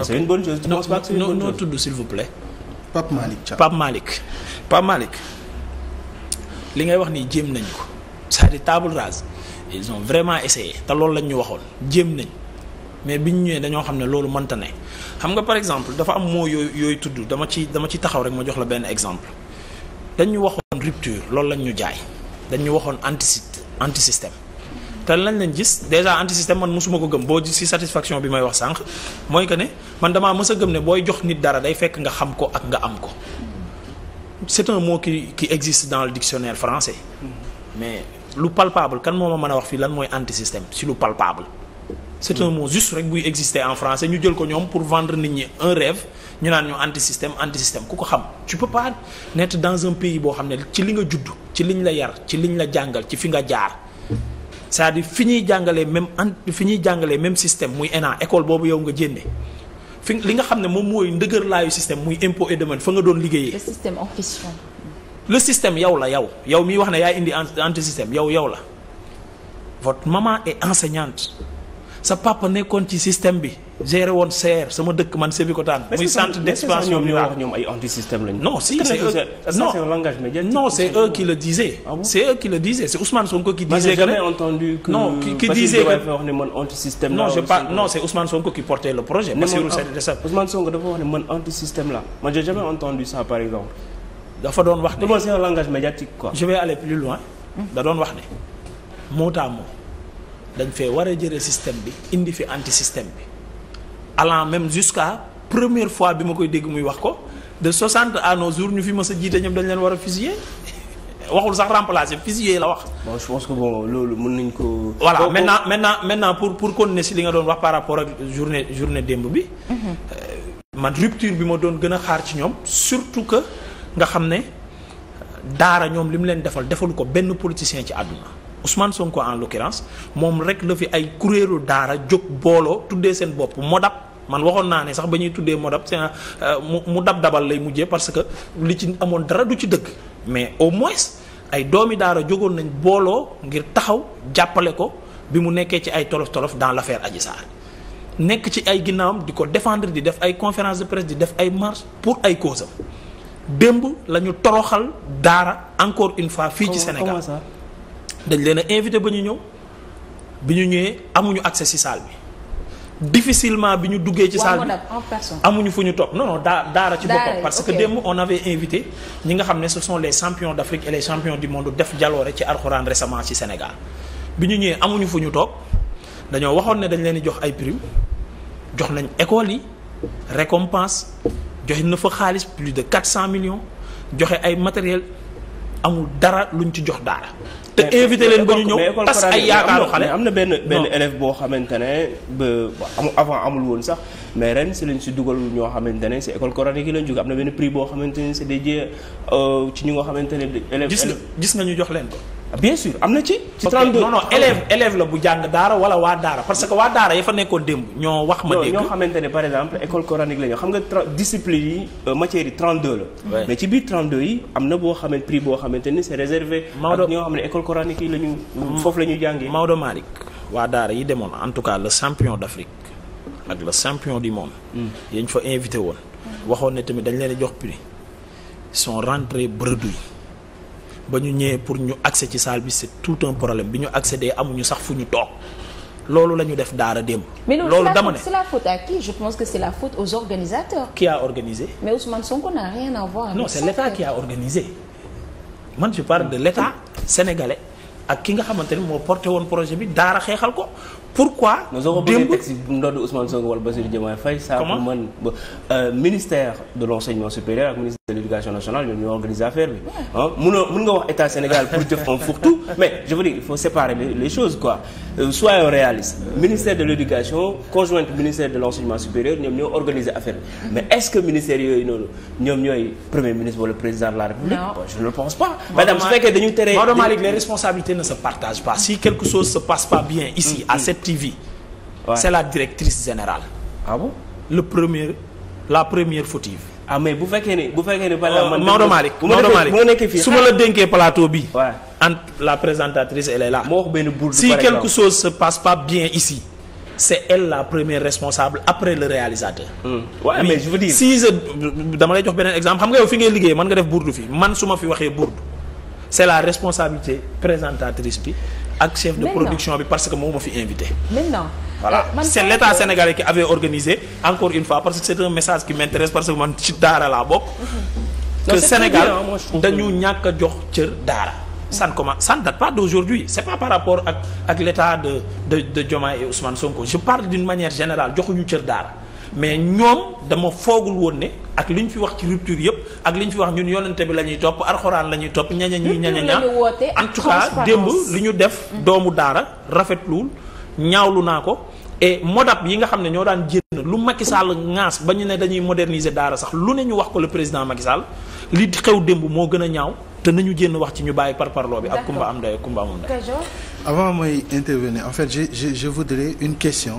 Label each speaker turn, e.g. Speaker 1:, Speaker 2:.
Speaker 1: mais c'est une bonne chose. noo tudd s'il vous plaît. Pape Malick Thiam Pape Malick. li ngay wax nii jéem nañ ko c'est-à-dire table rase ils ont te loolu lañ ñu waxoon jéem nañ mais bi ñu ñëwee dañoo xam ne loolu mënta ne xam nga par exemple dafa am moo yooyu yooyu tudd dama ci dama ci taxaw rek ma jox la benn exemple dañ ñu waxoon rupture loolu lañ ñu jaay dañ ñu waxoon anti anti te lañ lañ gis déjà anti système man mosuma ko gëm boo si satisfaction bi may wax sànq mooy que ne man damaa mës a gëm ne booy jox nit dara day fekk nga xam ko ak nga am ko c'est un moo qui qui existe dans le dictionnaire français mais lu palpable kan moo ma mën a wax fii lan mooy anti système si lu palpable c'est un mot juste rek buy exister en français ñu jël ko ñoom pour vendre nit ñi un rêve ñu naan ñu anti système anti ku ko xam tu peux pas naître dans un pays boo xam ne ci li nga judd ci liñ la yar ci liñ la jàngal ci fi nga jaar cest à fi ñuy jàngale même en fi ñuy jàngalee même système muy ENA école boobu yow nga jénde fi li nga xam ne moom mooy ndëgër laayu système muy impôt et domaine fa nga doon liggéeyee. le système le système yow la yow yow mi wax na yaay indi anti système yow yow la votre maman est enseignante sa papa nekkoon ci système bi. géré woon seer sama dëkk man Sébikotane. muy centre d'expansion ñoom wax ñoom ay anti système lañu. non si c'est eux non non c'est eux qui le disaient. Ah c'est eux qui le disaient c'est Ousmane Sonko qui disait. que non qui qui disait man anti système non je pas non c'est Ousmane Sonko qui portait le projet. Ah, Ousmane Sonko dafa wax ne man anti système la man j'ai jamais entendu ça par dafa doon wax ne bon c'est un langage médiatique quoi. je vais aller plus loin. da doon moo tax dañ fee war a jëlee système bi indi fi anti système bi. allant même jusqu'à première fois bi ma koy dégg muy wax ko de 60 à nos jour ñu fi mës a jiite ñoom dañ leen war a waxul sax remplacer fusiller la wax. bon je loolu mën nañ ko. voilà maintenant maintenant maintenant pour pour continuer si li nga doon wax par rapport ak journée journée démb bi. Mhm. Euh, man rupture bi ma doon gën a xaar ci ñoom surtout que nga xam ne euh, daara ñoom li mu leen defal defalu ko benn politicien ci àdduna. Ousmane Sonko en l'occurrence moom rek la fi ay kuréelu daara jóg booloo tuddee seen bopp modap man waxoon naa ne sax ba ñuy tuddee moo dab c'est euh, mu dab dabal lay mujjee parce que li ci amoon dara du ci dëkk mais au moins ay doomi daara jógoon nañ booloo ngir taxaw jàppale ko bi mu nekkee ci ay tolof tolof dans l'affaire Adji Sarr nekk ci ay ginnaawam di ko defendre di def ay conférence de presse di def ay marche pour ay cause am démb la ñu toroxal daara encore une fois fii ci Sénégal dañ leen invité ba ñu ñëw bi ñu ñëwee amuñu accès ci salle bi difficilement bi ñu duggee ci salle bi amuñu fu ñu topp non non daa daara ci boppam parce que démb on avait invité ñi nga xam ne ce sont les champions d'Afrique et les champions du monde def jaloore ci alxuraan récemment ci Sénégal bi ñu ñëwee amuñu fu ñu toog dañoo waxoon ne dañu leen di jox ay prime jox nañ école yi récompense joxe na fa xaalis plus de cent millions joxe ay matériel amul dara luñ ci jox daara. te invité leen ba ñu ñëw parce que ay yaakaaru xale. am na benn benn élève boo xamante ne ba amul avant amul woon sax mais ren si lañ si dugal ñoo xamante ne si école coranique yi lañ jóg am na benn prix boo xamante si c'est dédié euh, ci ñi nga xamante ne. élèves gis nga gis nga ñu jox leen ko. bien sûr am na ci. ci 32 non non élève élève la bu jàng daara wala waa daara parce que waa daara ya fa nekkoon démb ñoo wax. ma dégg ñoo xamante ne par exemple école coranique la ñu xam nga tra discipline yi euh, matières yi 32 la. mais ci biir 32 yi am na boo xamante prix boo xamante ni c'est réservé. Maodo ak ñoo xam ne école coranique yi la ñu. foofu la ñu jàngee. Maodo Malick waa daara yi demoon en tout cas le champion d'Afrique ak le champion du monde. Hmm. yañ fa invité woon. waxoon ne tamit dañ leen a jox prix. sont rentrés bredouilles. ba ñu ñëwee pour ñu accès ci salle bi c'est tout un problème bi ñu accédé amuñu sax fu ñu toog loolu la ñu def daara démb. loolu dama ne mais c'est la faute à qui je pense que c'est la faute aux organisateurs. qui a organisé. mais Ousmane Sonko n'a rien à voir. non c'est l'État qui a organisé man je parle de l'État sénégalais ak ki nga xamante ne moo porté woon projet bi daara xeexal ko. pourquoi. démb non Ousmane Sonko wala Bassirou Diomaye Faye. ça pour man euh, ministère de l' supérieur ak ministère de l' nationale ñoom organiser affaire bi. ah nga wax état Sénégal pour jëf un fourre mais je veux dire il faut séparer les, choses quoi euh, soyons réalistes ministère de l' éducation conjointe de l' supérieur ñoom organiser affaire mais est ce que ministère yooyu noonu ñoom TV. Ouais. c'est la directrice générale. ah bon le la première fautive. ah mais bu fekkee ne bu fekkee ne balaa euh, man. Maodo Malick Maodo Malick bu ma nekkee fii su ma la dénkee plateau bi. entre la présentatrice elle est là. benn bourde si quelque chose se passe pas bien ici. c'est elle la première responsable après le réalisateur. waaye hmm. mais je veux dire si dama lay jox beneen exemple xam nga yow fi ngay liggéey mën nga def bourde fii man su ma fi waxee bourde. c'est la responsabilité présentatrice bi ak chef de production bi parce que moom ma fi invité. maintenant voilà euh, c'est l'état sénégalais qui avait organisé encore une fois parce que c'est un message qui m'intéresse parce que man ci daara laa bokk. Mhm. que Sénégal dañu ñàkk a jox cër daara. san ne commence ça ne date pas c'est pas par rapport ak ak l'état de de de Diomaye et Ousmane Sonko je parle d'une manière générale joxuñu cër daara. mais ñoom dama foogul woon ne ak li ñu fi wax ci rupture yëpp ak li ñu fi wax ñun yonente bi la ñuy topp alxuraan la ñuy topp ñaña ñi ñaña ña en tout cas démb li ñu def mm. doomu daara rafetluwul ñaawlu naa ko et modab yi nga xam ne ñoo daan jénn lu Macky Sall ŋaas ba ñu ne dañuy moderniser daara sax lu ne ñu wax ko le président Macky Sall li xew démb moo gën a ñaaw te nañu jénn wax ci ñu bàyyi par parloo bi ak kumba am ndey kumba amul ndey avant mooy intervenir en fait je je une question